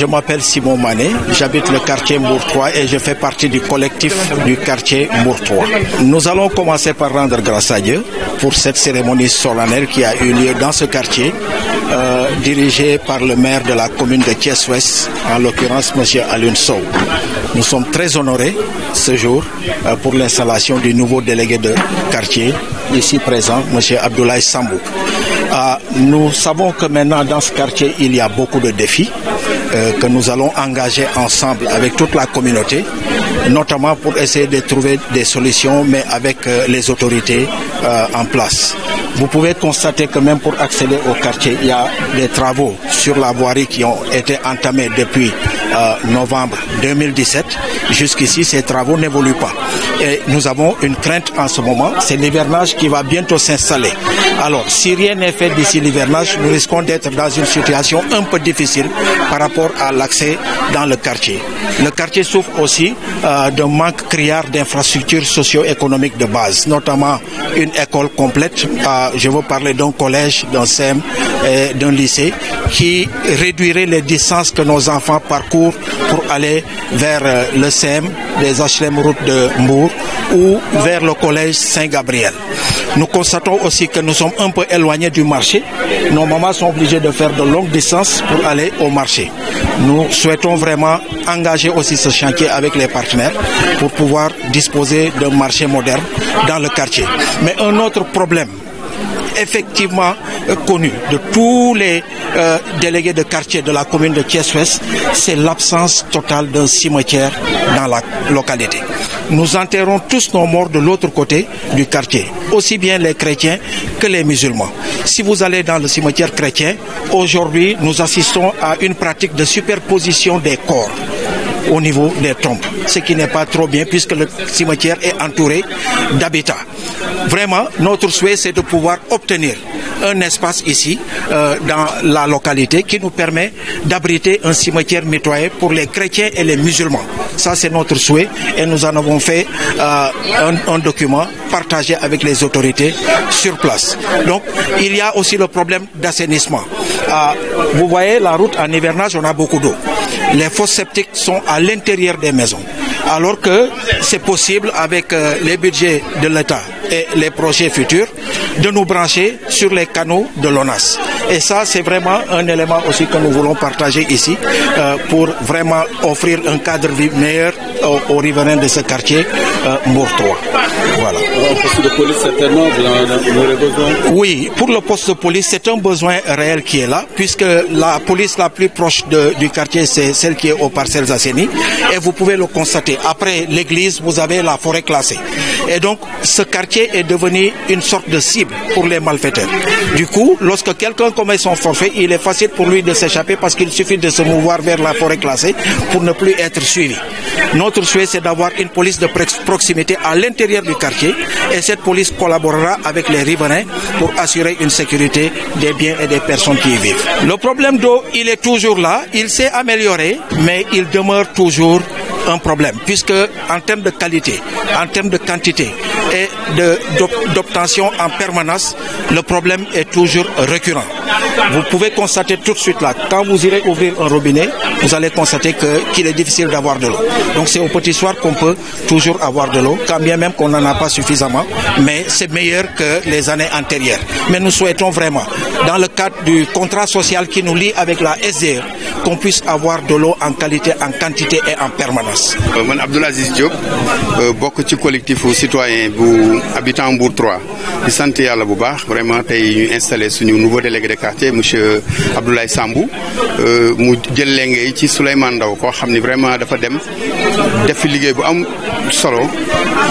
je m'appelle Simon Mané, j'habite le quartier Mourtois et je fais partie du collectif du quartier Mourtois. Nous allons commencer par rendre grâce à Dieu pour cette cérémonie solennelle qui a eu lieu dans ce quartier, euh, par le maire de la commune de Thiès-Ouest, en l'occurrence M. Alun Sow. Nous sommes très honorés ce jour euh, pour l'installation du nouveau délégué de quartier, ici présent, M. Abdoulaye Sambou. Euh, ah, nous savons que maintenant dans ce quartier, il euh, que nous allons engager ensemble avec toute la communauté, notamment pour essayer de trouver des solutions, mais avec euh, les autorités euh, en place. Vous pouvez constater que même pour accéder au quartier, il y a des travaux sur la voirie qui ont été entamés depuis euh, novembre 2017. Jusqu'ici, ces travaux n'évoluent pas. Et en ce moment, c'est l'hivernage qui va bientôt s'installer. Alors, si rien n'est fait situation un par rapport à l'accès dans le quartier. Le quartier aussi euh, d'un manque criard d'infrastructures socio-économiques de base, notamment pas, je veux parler d'un collège, d'un SEM, et d'un lycée, qui réduirait les distances que nos enfants parcourent pour aller vers euh, le SEM des HLM route de Mbour ou vers le collège Saint-Gabriel. Nous constatons aussi que nous sommes un peu éloignés du marché. Nos mamans sont obligées de faire de longues distances pour aller au marché. Nous souhaitons vraiment engager aussi ce chantier avec les partenaires pour pouvoir disposer d'un marché moderne dans le quartier. Mais un autre problème effectivement euh, connu de tous les euh, délégués de quartier de la commune de Thiès-Ouest, c'est l'absence totale d'un cimetière dans la localité. Nous enterrons tous nos morts de l'autre côté du quartier, aussi bien les chrétiens que les musulmans. Si vous allez dans le cimetière chrétien, aujourd'hui nous assistons à une pratique de superposition des corps. au niveau des tombes, ce qui n'est pas trop bien puisque le cimetière est entouré d'habitats. Vraiment, notre souhait, c'est de pouvoir obtenir un espace ici, euh, dans la localité, qui nous permet d'abriter un cimetière nettoyé pour les chrétiens et les musulmans. Ça, c'est notre souhait et nous en avons fait euh, un, document partagé avec les autorités sur place. Donc, il y a aussi le problème d'assainissement. Euh, vous voyez, la route en hivernage, on a beaucoup d'eau. les fosses septiques sont à l'intérieur des maisons. alors que c'est possible avec euh, les budgets de l'État et les projets futurs de nous brancher sur les canaux de l'ONAS. Et ça, c'est vraiment un élément aussi que nous voulons partager ici euh, pour vraiment offrir un cadre meilleur aux, aux de ce quartier euh, Pour le poste de police, certainement, vous avez besoin Oui, pour le poste de police, c'est un besoin réel qui est là, puisque la police la plus proche de, du quartier, c'est celle qui est aux parcelles Asseni. Et vous pouvez le constater après l'église, vous avez la forêt classée. Et donc, ce quartier est devenu une sorte de cible pour les malfaiteurs. Du coup, lorsque quelqu'un commet son forfait, il est facile pour lui de s'échapper parce qu'il suffit de se mouvoir vers la forêt classée pour ne plus être suivi. Notre souhait, c'est d'avoir une police de proximité à l'intérieur du quartier et cette police collaborera avec les riverains pour assurer une sécurité des biens et des personnes qui y vivent. Le problème d'eau, il est mais il demeure un puisque en termes de qualité, de quantité et d'obtention en permanence, le problème est toujours récurrent. Vous pouvez constater tout de suite là, quand vous irez ouvrir un robinet, vous allez constater qu'il qu est difficile d'avoir de l'eau. Donc c'est au petit soir qu'on peut toujours avoir de l'eau, quand bien même qu'on n'en a pas suffisamment, mais c'est meilleur que les années antérieures. Mais nous souhaitons vraiment, dans le cadre du contrat social qui Thiès. Euh, man Abdoul Aziz Diop euh, bokk ci collectif citoyen bu habitant Mbour 3 di sant yàlla bu baax vraiment tey ñu installé suñu nouveau délégué de karté monsieur Abdoulaye Sambou euh, mu jël léegi ci Souleymane Ndaw koo xam ni vraiment dafa dem def fi liggéey bu am solo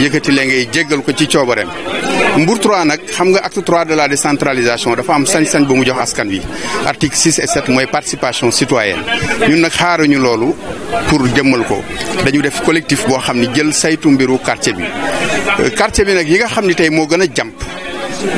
yëkkati léegi jéggal ko ci coobareem. Mbour 3 nag xam nga acte 3 de la décentralisation dafa am sañ-sañ bu mu jox askan wi article 6 et 7 mooy participation citoyenne ñun nag xaarañu loolu pour jëmmal ko dañu def collectif boo xam ni jël saytu mbiru quartier bi euh, quartier bi nag yi nga xam ni tey moo gën a jàmp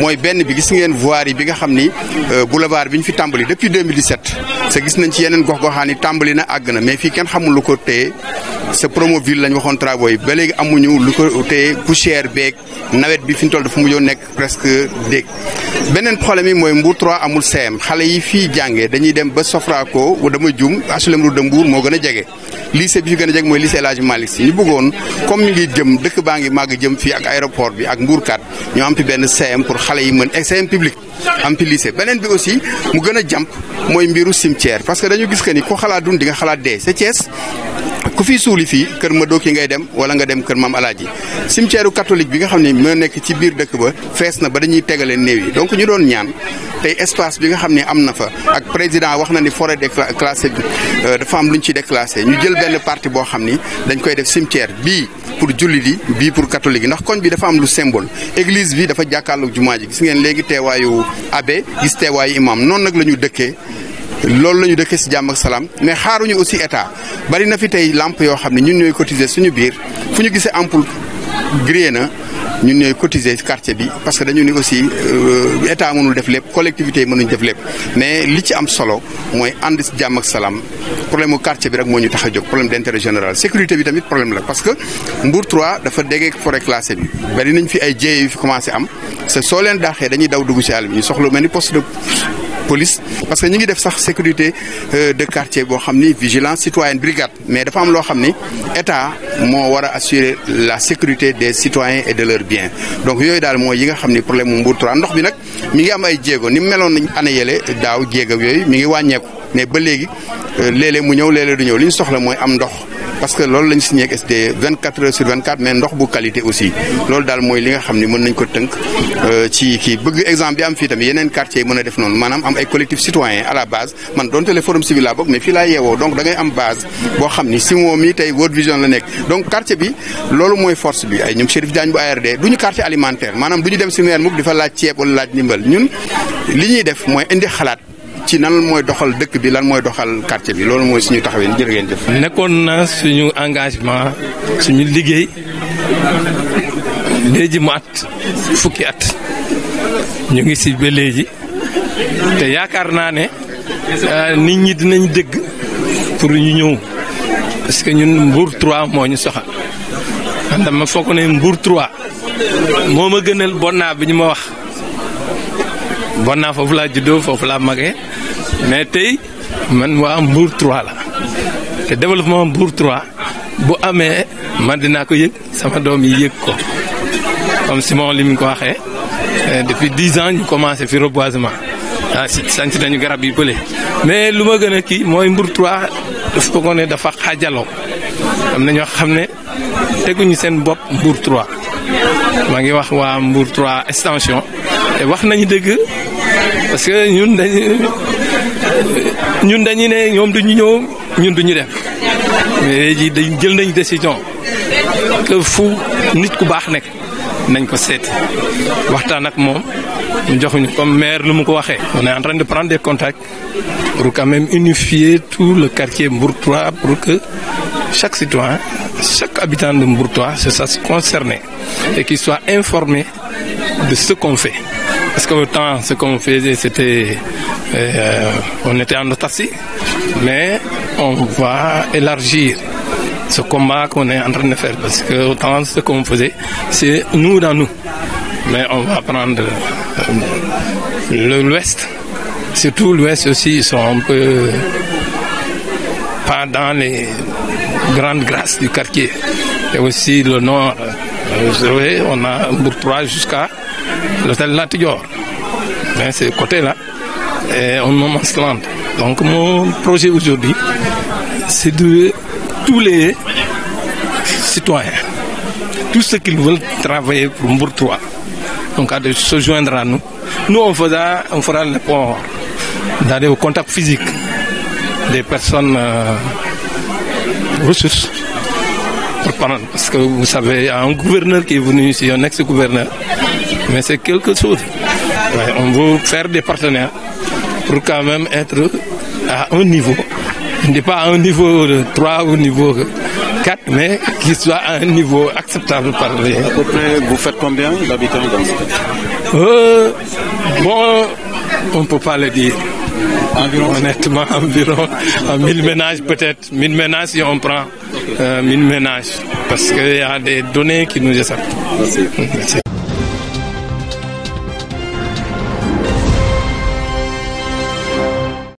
mooy benn bi gis ngeen voirie bi nga xam ni euh, boulevard bi ñu fi tàmbali depuis 2017 sa gis nañ ci yeneen gox-goxaan yi tàmbali na àgg na mais fii kenn xamul lu ko téye sa promoville lañ waxoon travaux yi ba léegi amuñu lu ko te poussière beeg nawet bi fi ñu toll dafa mujjoo nekk presque déeg beneen problème yi mooy Mbour 3 amul CM xale yi fii jàngee dañuy dem ba Sofraco dama jum HLM Route de Mbour moo gën a jege. lycée bi fi gën a jeg mooy lycée El Hadji Malick Sy ñu bëggoon comme mi ngi jëm dëkk baa ngi màgg jëm fi ak aéroport bi ak mbuurkat ñu am fi benn CM pour xale yi mën CM public am fi lycée beneen bi aussi mu gën a jàmp mooy mbiru cimetière parce que dañu gis que ni ku xalaat dund di nga xalaat dee c'est Thiès ku fi suuli fii kër ma dooki ngay dem wala nga dem kër maam alaaji cimetière catholique bi nga xam ne moo nekk ci biir dëkk ba fees na ba dañuy tegalee néew yi donc ñu doon ñaan tey espace bi nga xam ne am na fa ak président wax na ni forêt déclassée bi euh, dafa am lu ñu ci déclassé ñu jël benn partie boo xam ni dañ koy def cimetière bii pour jullit yi bii pour catholique yi ndax koñ bi dafa am lu symbole église bi dafa jàkkaarloog jumaa ji gis ngeen léegi teewaayu abbé gis teewaayu imam noonu nag la ñu dëkkee loolu la ñu dëkkee si jàmm ak salaam mais xaaruñu aussi état bari na fi tey làmp yoo xam ne ñun ñooy cotiser suñu biir fu ñu gisee ampoule grillé na ñun ñooy cotiser quartier bi parce que dañu ni aussi euh, état mënul def lépp collectivité yi mënuñ def lépp mais li ci am solo mooy ànd si jàmm ak salaam problème mu bi rek moo ñu tax a jóg problème d' général sécurité bi tamit problème la parce que Mbour 3 dafa déggee forêt classée bi bari nañ fi ay jéey commencé am parce soo leen daaxee dañuy daw dugg si àll bi ñu soxla mel ni poste de police parce que ñu ngi def sax sécurité euh, de quartier boo xam ni vigilance citoyenne brigade mais dafa am loo xam ni état moo war a assurer la sécurité des citoyens et de leur biens donc yooyu daal mooy yi nga xam ni problème mu Mbour 3 ndox bi nag mi ngi am ay jéego ni meloon nañ année yële daaw jéego yooyu mi ngi wàññeeku mais ba léegi euh, léeg mu ñëw léeg-léeg du ñëw li ñu soxla mooy am ndox. parce que loolu lañ signé ak SDE 24 heures sur 24 mais ndox bu qualité aussi loolu daal mooy li nga xam ne mën nañ ko tënk euh, ci kii bëgg exemple bi am fii tamit yeneen quartier yi mën a def noonu maanaam am ay collectif citoyen à la base man donte le forum civil laa bokk mais fii laa yeewoo donc da am base boo xam ni si moom mii tey Vision la nekk donc quartier bi loolu mooy force bi ay ñoom Chérif Diagne bu ARD du ñu quartier alimentaire maanaam du ñu dem si maire mukk di fa laaj ceeb wala li ñuy def mooy indi xalaat ci nan mooy doxal dëkk bi lan mooy doxal quartier bi loolu mooy suñu taxawin jërë ngeen jëf. nekkoon na suñu engagement suñu liggéey léegi fukki at ñu ngi si ba léegi te yaakaar naa ne euh, nit ñi dinañ dégg pour ñu ñëw parce que ñun Mbour moo ñu soxa man dama foog ne Mbour 3 moo ma gënal bonnaa bi ñu ma wax. bon naa foofu laa juddoo foofu laa magee mais tey man waa Mbour 3 la te développement Mbour 3 bu amee man dinaa ko yëg sama doom yi yëg ko comme Simon li mu ko waxee eh, depuis dix ans ñu commencé fi reboisement ah si sant nañu garab yi bële mais lu ma gën a kii mooy Mbour 3 ko ne dafa xaajaloo am na ñoo xam ne teguñu seen bopp Mbour maa ngi wax waa Mbour 3 extension te wax nañu dëgg. parce que ñun dañuy ñun dañuy ne ñoom duñu ñëw ñun du ñu def ji dañ jël nañ décision que fu nit ku baax nekk nañ ko seeti waxtaan ak moom mu joxuñu comme maire lu mu ko waxee. on est en train de prendre des contacts pour quand même unifier tout le quartier Mbour 3 pour que chaque citoyen chaque habitant de Mbour 3 se sache concerné et qu'il soit informé de ce qu'on fait. Parce que temps, ce qu'on faisait, c'était. Euh, on était en taxi, mais on va élargir ce combat qu'on est en train de faire. Parce que autant, ce qu'on faisait, c'est nous dans nous. Mais on va prendre euh, l'Ouest. Surtout l'Ouest aussi, ils sont un peu pas dans les grandes grâces du quartier. Et aussi le Nord. Euh, vous savez, on jusqu'à l'hôtel Latijor. Hein, ce côté-là est un moment Land. Donc mon projet aujourd'hui, c'est de tous les citoyens, tous ce qui veulent travailler pour Mbourtois, donc à de se joindre à nous. on fera, on fera le port d'aller au contact physique des personne euh, surprendre parce que vous savez, un gouverneur qui venu ici, un ex-gouverneur. Mais c'est quelque chose. on veut faire des partenaires pour quand même être à un niveau. n'est pas à un niveau ou niveau 4, mais qui soit à un niveau acceptable par les. À peu près, vous faites combien d'habitants dans ce euh, Bon, on peut pas le Honnêtement, environ 1000 ménages peut-être. 1000 ménages si on prend 1000 euh, ménages. Parce qu'il y a des données qui nous échappent. Merci. Merci.